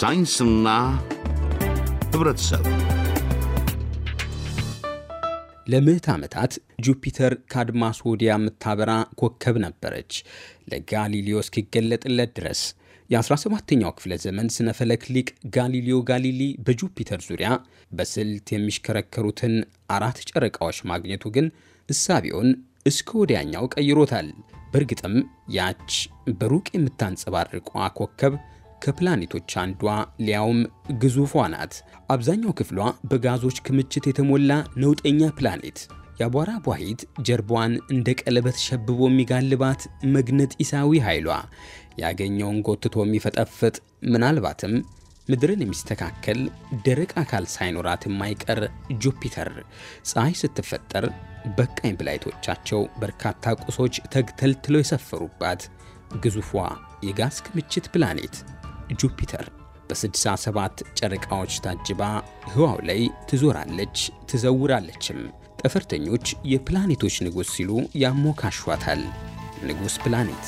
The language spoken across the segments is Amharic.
ሳይንስና ህብረተሰብ ለምዕት ዓመታት ጁፒተር ከአድማስ ወዲያ የምታበራ ኮከብ ነበረች፣ ለጋሊሌዮ እስኪገለጥለት ድረስ። የ17ኛው ክፍለ ዘመን ስነ ፈለክ ሊቅ ጋሊሌዮ ጋሊሊ በጁፒተር ዙሪያ በስልት የሚሽከረከሩትን አራት ጨረቃዎች ማግኘቱ ግን እሳቢውን እስከ ወዲያኛው ቀይሮታል። በእርግጥም ያች በሩቅ የምታንጸባርቋ ኮከብ ከፕላኔቶች አንዷ ሊያውም ግዙፏ ናት። አብዛኛው ክፍሏ በጋዞች ክምችት የተሞላ ነውጠኛ ፕላኔት የአቧራ ቧሂት ጀርባዋን እንደ ቀለበት ሸብቦ የሚጋልባት መግነጢሳዊ ኃይሏ ያገኘውን ጎትቶ የሚፈጠፍጥ ምናልባትም ምድርን የሚስተካከል ደረቅ አካል ሳይኖራት የማይቀር ጁፒተር ፀሐይ ስትፈጠር በቃኝ ብላይቶቻቸው በርካታ ቁሶች ተግተልትለው የሰፈሩባት ግዙፏ የጋዝ ክምችት ፕላኔት ጁፒተር በ67 ጨረቃዎች ታጅባ ህዋው ላይ ትዞራለች ትዘውራለችም። ጠፈርተኞች የፕላኔቶች ንጉሥ ሲሉ ያሞካሿታል። ንጉሥ ፕላኔት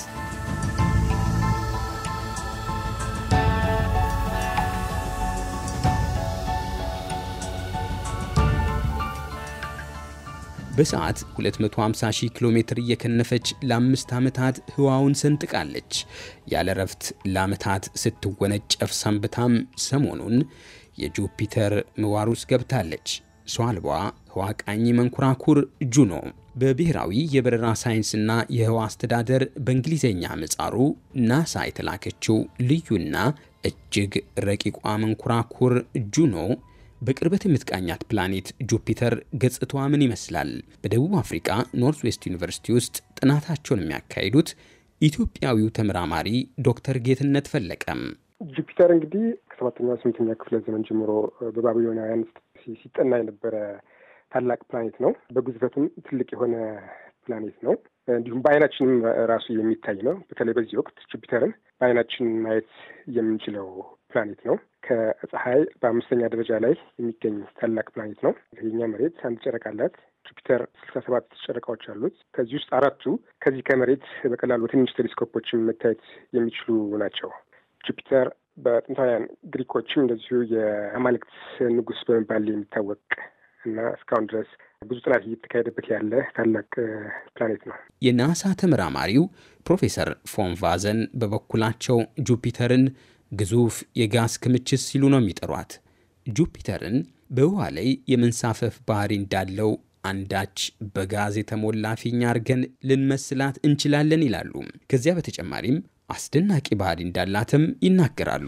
በሰዓት 250 ሺህ ኪሎ ሜትር እየከነፈች ለአምስት ዓመታት ህዋውን ሰንጥቃለች። ያለ ረፍት ለዓመታት ስትወነጨፍ ሰንብታም ሰሞኑን የጁፒተር ምህዋር ውስጥ ገብታለች። ሰው አልባ ህዋ ቃኝ መንኮራኩር ጁኖ በብሔራዊ የበረራ ሳይንስና የህዋ አስተዳደር በእንግሊዝኛ ምጻሩ ናሳ የተላከችው ልዩና እጅግ ረቂቋ መንኮራኩር ጁኖ በቅርበት የምትቃኛት ፕላኔት ጁፒተር ገጽታዋ ምን ይመስላል? በደቡብ አፍሪካ ኖርት ዌስት ዩኒቨርሲቲ ውስጥ ጥናታቸውን የሚያካሂዱት ኢትዮጵያዊው ተመራማሪ ዶክተር ጌትነት ፈለቀም ጁፒተር እንግዲህ ከሰባተኛ ስምንተኛ ክፍለ ዘመን ጀምሮ በባቢሎናውያን ሲጠና የነበረ ታላቅ ፕላኔት ነው። በግዝፈቱም ትልቅ የሆነ ፕላኔት ነው። እንዲሁም በአይናችንም ራሱ የሚታይ ነው። በተለይ በዚህ ወቅት ጁፒተርን በአይናችን ማየት የምንችለው ፕላኔት ነው። ከፀሐይ በአምስተኛ ደረጃ ላይ የሚገኝ ታላቅ ፕላኔት ነው። የኛ መሬት አንድ ጨረቃ አላት። ጁፒተር ስልሳ ሰባት ጨረቃዎች አሉት። ከዚህ ውስጥ አራቱ ከዚህ ከመሬት በቀላሉ በትንሽ ቴሌስኮፖች መታየት የሚችሉ ናቸው። ጁፒተር በጥንታውያን ግሪኮችም እንደዚሁ የአማልክት ንጉስ በመባል የሚታወቅ እና እስካሁን ድረስ ብዙ ጥናት እየተካሄደበት ያለ ታላቅ ፕላኔት ነው። የናሳ ተመራማሪው ፕሮፌሰር ፎን ቫዘን በበኩላቸው ጁፒተርን ግዙፍ የጋዝ ክምችት ሲሉ ነው የሚጠሯት። ጁፒተርን በውሃ ላይ የመንሳፈፍ ባህሪ እንዳለው አንዳች በጋዝ የተሞላ ፊኛ አድርገን ልንመስላት እንችላለን ይላሉ። ከዚያ በተጨማሪም አስደናቂ ባህሪ እንዳላትም ይናገራሉ።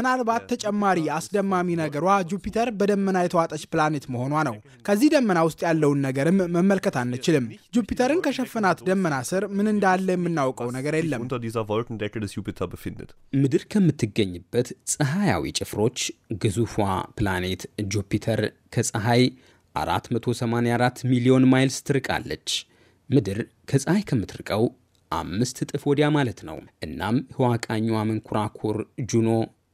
ምናልባት äh, ተጨማሪ äh, አስደማሚ äh, ነገሯ ጁፒተር በደመና የተዋጠች ፕላኔት መሆኗ ነው። ከዚህ ደመና ውስጥ ያለውን ነገርም መመልከት አንችልም። ጁፒተርን ከሸፈናት ደመና ስር ምን እንዳለ የምናውቀው ነገር የለም። ምድር ከምትገኝበት ፀሐያዊ ጭፍሮች ግዙፏ ፕላኔት ጁፒተር ከፀሐይ 484 ሚሊዮን ማይልስ ትርቃለች። ምድር ከፀሐይ ከምትርቀው አምስት እጥፍ ወዲያ ማለት ነው። እናም ህዋቃኙ መንኮራኩር ጁኖ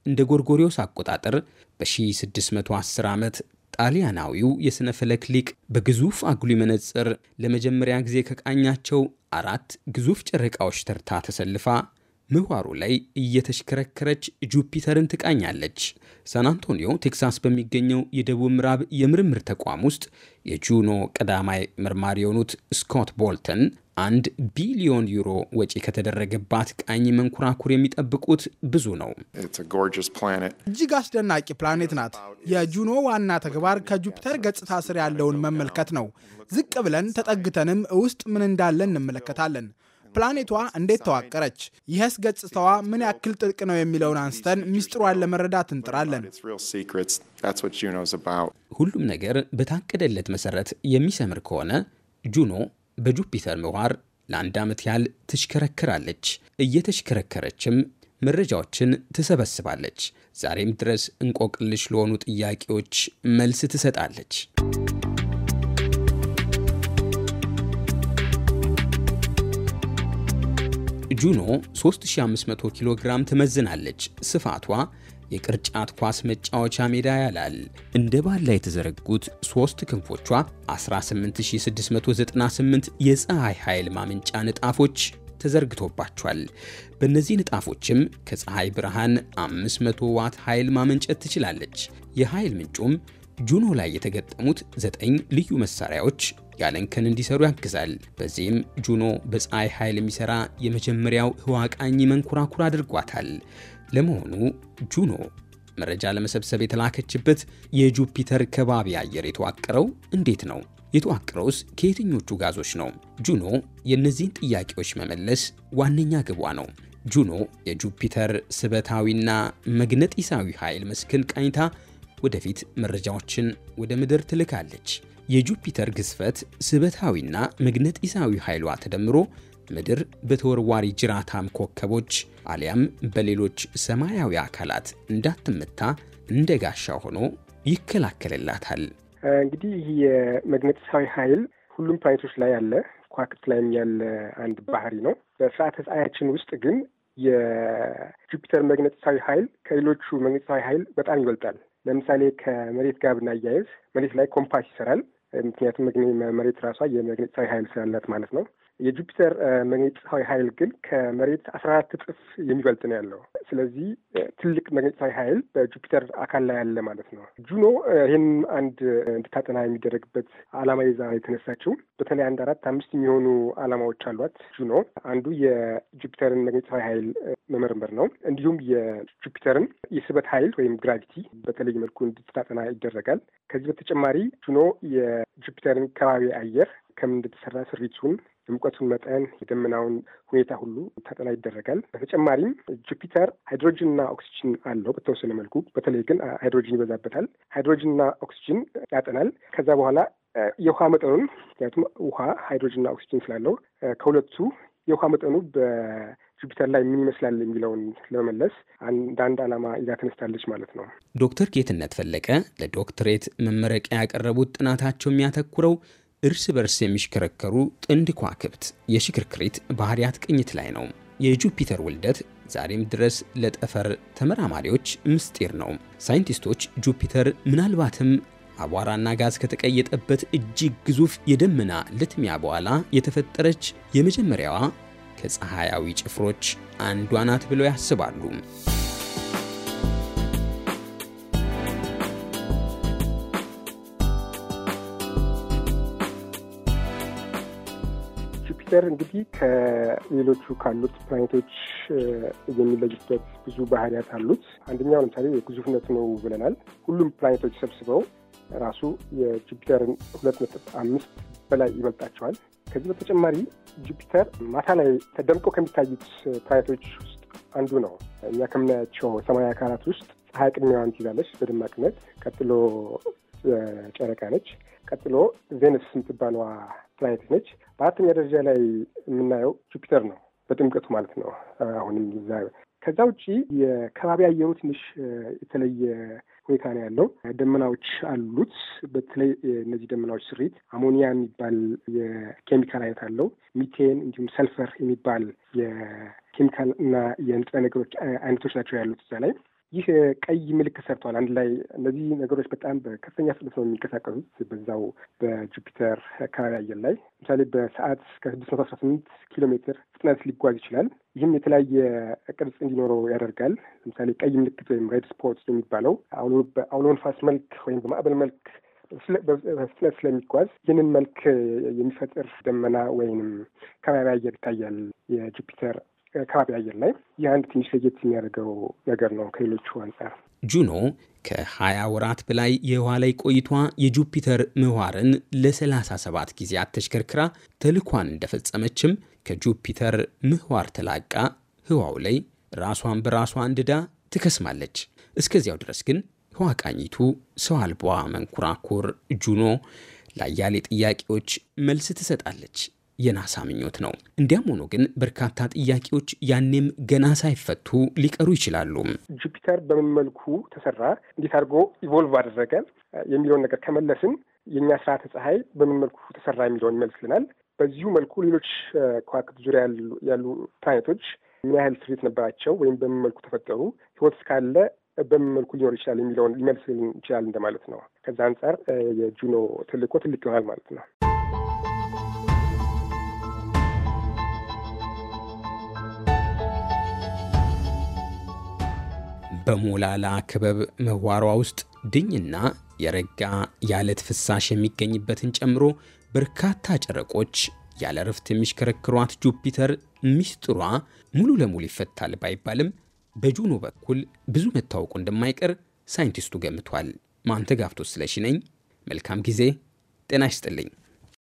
እንደ ጎርጎሪዮስ አቆጣጠር በ1610 ዓመት ጣሊያናዊው የሥነ ፈለክ ሊቅ በግዙፍ አጉሊ መነጽር ለመጀመሪያ ጊዜ ከቃኛቸው አራት ግዙፍ ጨረቃዎች ተርታ ተሰልፋ ምህዋሩ ላይ እየተሽከረከረች ጁፒተርን ትቃኛለች። ሳን አንቶኒዮ ቴክሳስ በሚገኘው የደቡብ ምዕራብ የምርምር ተቋም ውስጥ የጁኖ ቀዳማይ መርማሪ የሆኑት ስኮት ቦልተን አንድ ቢሊዮን ዩሮ ወጪ ከተደረገባት ቃኝ መንኮራኩር የሚጠብቁት ብዙ ነው። እጅግ አስደናቂ ፕላኔት ናት። የጁኖ ዋና ተግባር ከጁፒተር ገጽታ ስር ያለውን መመልከት ነው። ዝቅ ብለን ተጠግተንም ውስጥ ምን እንዳለ እንመለከታለን። ፕላኔቷ እንዴት ተዋቀረች? ይህስ ገጽታዋ ምን ያክል ጥልቅ ነው የሚለውን አንስተን ሚስጥሯን ለመረዳት እንጥራለን። ሁሉም ነገር በታቀደለት መሰረት የሚሰምር ከሆነ ጁኖ በጁፒተር ምህዋር ለአንድ ዓመት ያህል ትሽከረከራለች። እየተሽከረከረችም መረጃዎችን ትሰበስባለች። ዛሬም ድረስ እንቆቅልሽ ለሆኑ ጥያቄዎች መልስ ትሰጣለች። ጁኖ 3500 ኪሎ ግራም ትመዝናለች። ስፋቷ የቅርጫት ኳስ መጫወቻ ሜዳ ያላል። እንደ ባላ የተዘረጉት ሶስት ክንፎቿ 18698 የፀሐይ ኃይል ማመንጫ ንጣፎች ተዘርግቶባቸዋል። በእነዚህ ንጣፎችም ከፀሐይ ብርሃን 500 ዋት ኃይል ማመንጨት ትችላለች። የኃይል ምንጩም ጁኖ ላይ የተገጠሙት ዘጠኝ ልዩ መሳሪያዎች ያለንከን እንዲሰሩ ያግዛል። በዚህም ጁኖ በፀሐይ ኃይል የሚሰራ የመጀመሪያው ህዋቃኝ መንኮራኩር አድርጓታል። ለመሆኑ ጁኖ መረጃ ለመሰብሰብ የተላከችበት የጁፒተር ከባቢ አየር የተዋቀረው እንዴት ነው? የተዋቀረውስ ከየትኞቹ ጋዞች ነው? ጁኖ የእነዚህን ጥያቄዎች መመለስ ዋነኛ ግቧ ነው። ጁኖ የጁፒተር ስበታዊና መግነጢሳዊ ኃይል መስክን ቃኝታ ወደፊት መረጃዎችን ወደ ምድር ትልካለች። የጁፒተር ግዝፈት ስበታዊና መግነጢሳዊ ኃይሏ ተደምሮ ምድር በተወርዋሪ ጅራታም ኮከቦች አሊያም በሌሎች ሰማያዊ አካላት እንዳትመታ እንደ ጋሻ ሆኖ ይከላከልላታል። እንግዲህ ይህ የመግነጢሳዊ ኃይል ሁሉም ፕላኔቶች ላይ ያለ ከዋክብት ላይም ያለ አንድ ባህሪ ነው። በስርዓተ ፀሐያችን ውስጥ ግን የጁፒተር መግነጢሳዊ ኃይል ከሌሎቹ መግነጢሳዊ ኃይል በጣም ይበልጣል። ለምሳሌ ከመሬት ጋር ብናያይዝ መሬት ላይ ኮምፓስ ይሰራል። ምክንያቱም መሬት ራሷ የመግነጢሳዊ ኃይል ስላላት ማለት ነው። የጁፒተር መግነጢሳዊ ኃይል ግን ከመሬት አስራ አራት እጥፍ የሚበልጥ ነው ያለው። ስለዚህ ትልቅ መግነጢሳዊ ኃይል በጁፒተር አካል ላይ ያለ ማለት ነው። ጁኖ ይህን አንድ እንድታጠና የሚደረግበት ዓላማ ይዛ የተነሳችው በተለይ አንድ አራት አምስት የሚሆኑ ዓላማዎች አሏት። ጁኖ አንዱ የጁፒተርን መግነጢሳዊ ኃይል መመርመር ነው። እንዲሁም የጁፒተርን የስበት ኃይል ወይም ግራቪቲ በተለይ መልኩ እንድታጠና ይደረጋል። ከዚህ በተጨማሪ ጁኖ የጁፒተርን ከባቢ አየር ከምን እንደተሰራ ስሪቱን የሙቀቱን መጠን የደመናውን ሁኔታ ሁሉ ተጠና ይደረጋል። በተጨማሪም ጁፒተር ሃይድሮጅንና ኦክሲጅን አለው በተወሰነ መልኩ፣ በተለይ ግን ሃይድሮጅን ይበዛበታል። ሃይድሮጅንና ኦክሲጅን ያጠናል። ከዛ በኋላ የውሃ መጠኑን ምክንያቱም ውሃ ሃይድሮጅንና ኦክሲጅን ስላለው ከሁለቱ የውሃ መጠኑ በ ጁፒተር ላይ ምን ይመስላል የሚለውን ለመመለስ አንዳንድ ዓላማ ይዛ ተነስታለች ማለት ነው። ዶክተር ጌትነት ፈለቀ ለዶክትሬት መመረቂያ ያቀረቡት ጥናታቸው የሚያተኩረው እርስ በርስ የሚሽከረከሩ ጥንድ ከዋክብት የሽክርክሪት ባህሪያት ቅኝት ላይ ነው። የጁፒተር ውልደት ዛሬም ድረስ ለጠፈር ተመራማሪዎች ምስጢር ነው። ሳይንቲስቶች ጁፒተር ምናልባትም አቧራና ጋዝ ከተቀየጠበት እጅግ ግዙፍ የደመና ልትሚያ በኋላ የተፈጠረች የመጀመሪያዋ ከፀሐያዊ ጭፍሮች አንዷ ናት ብለው ያስባሉ። ጁፒተር እንግዲህ ከሌሎቹ ካሉት ፕላኔቶች የሚለዩበት ብዙ ባህሪያት አሉት። አንደኛው ለምሳሌ የግዙፍነት ነው ብለናል። ሁሉም ፕላኔቶች ሰብስበው ራሱ የጁፒተርን ሁለት ነጥብ አምስት በላይ ይበልጣቸዋል። ከዚህ በተጨማሪ ጁፒተር ማታ ላይ ተደምቆ ከሚታዩት ፕላኔቶች ውስጥ አንዱ ነው። እኛ ከምናያቸው ሰማያዊ አካላት ውስጥ ፀሐይ ቅድሚያዋን ትይዛለች በደማቅነት። ቀጥሎ ጨረቃ ነች። ቀጥሎ ቬነስ የምትባለዋ ፕላኔት ነች። በአራተኛ ደረጃ ላይ የምናየው ጁፒተር ነው በጥምቀቱ ማለት ነው። አሁንም ከዛ ውጭ የከባቢ አየሩ ትንሽ የተለየ ሁኔታ ነው ያለው። ደመናዎች አሉት። በተለይ እነዚህ ደመናዎች ስሪት አሞኒያ የሚባል የኬሚካል አይነት አለው። ሚቴን እንዲሁም ሰልፈር የሚባል የኬሚካል እና የንጥረ ነገሮች አይነቶች ናቸው ያሉት እዛ ላይ ይህ ቀይ ምልክት ሰርተዋል። አንድ ላይ እነዚህ ነገሮች በጣም በከፍተኛ ፍጥነት ነው የሚንቀሳቀሱት በዛው በጁፒተር አካባቢ አየር ላይ ለምሳሌ በሰዓት ከስድስት መቶ አስራ ስምንት ኪሎ ሜትር ፍጥነት ሊጓዝ ይችላል። ይህም የተለያየ ቅርጽ እንዲኖረው ያደርጋል። ለምሳሌ ቀይ ምልክት ወይም ሬድ ስፖት የሚባለው በአውሎ ንፋስ መልክ ወይም በማዕበል መልክ በፍጥነት ስለሚጓዝ ይህንን መልክ የሚፈጥር ደመና ወይም ከባቢ አየር ይታያል የጁፒተር ከባቢ አየር ላይ የአንድ ትንሽ ለየት የሚያደርገው ነገር ነው ከሌሎቹ አንጻር። ጁኖ ከ20 ወራት በላይ የህዋ ላይ ቆይቷ የጁፒተር ምህዋርን ለ37 ጊዜያት ተሽከርክራ ተልኳን እንደፈጸመችም ከጁፒተር ምህዋር ተላቃ ህዋው ላይ ራሷን በራሷ እንድዳ ትከስማለች። እስከዚያው ድረስ ግን ህዋ ቃኝቱ ሰው አልቧ መንኮራኩር ጁኖ ለአያሌ ጥያቄዎች መልስ ትሰጣለች። የናሳ ምኞት ነው። እንዲያም ሆኖ ግን በርካታ ጥያቄዎች ያኔም ገና ሳይፈቱ ሊቀሩ ይችላሉ። ጁፒተር በምን መልኩ ተሰራ፣ እንዴት አድርጎ ኢቮልቭ አደረገ የሚለውን ነገር ከመለስን የእኛ ስርዓተ ፀሐይ በምን መልኩ ተሰራ የሚለውን ይመልስልናል። በዚሁ መልኩ ሌሎች ከዋክብት ዙሪያ ያሉ ፕላኔቶች ምን ያህል ስሪት ነበራቸው ወይም በምን መልኩ ተፈጠሩ፣ ህይወት እስካለ በምን መልኩ ሊኖር ይችላል የሚለውን ሊመልስልን ይችላል እንደማለት ነው። ከዛ አንጻር የጁኖ ተልዕኮ ትልቅ ይሆናል ማለት ነው። በሞላላ ክበብ ምህዋሯ ውስጥ ድኝና የረጋ የአለት ፍሳሽ የሚገኝበትን ጨምሮ በርካታ ጨረቆች ያለ ረፍት የሚሽከረክሯት ጁፒተር ሚስጥሯ ሙሉ ለሙሉ ይፈታል ባይባልም በጁኖ በኩል ብዙ መታወቁ እንደማይቀር ሳይንቲስቱ ገምቷል። ማንተጋፍቶ ስለሽነኝ ነኝ። መልካም ጊዜ። ጤና ይስጥልኝ።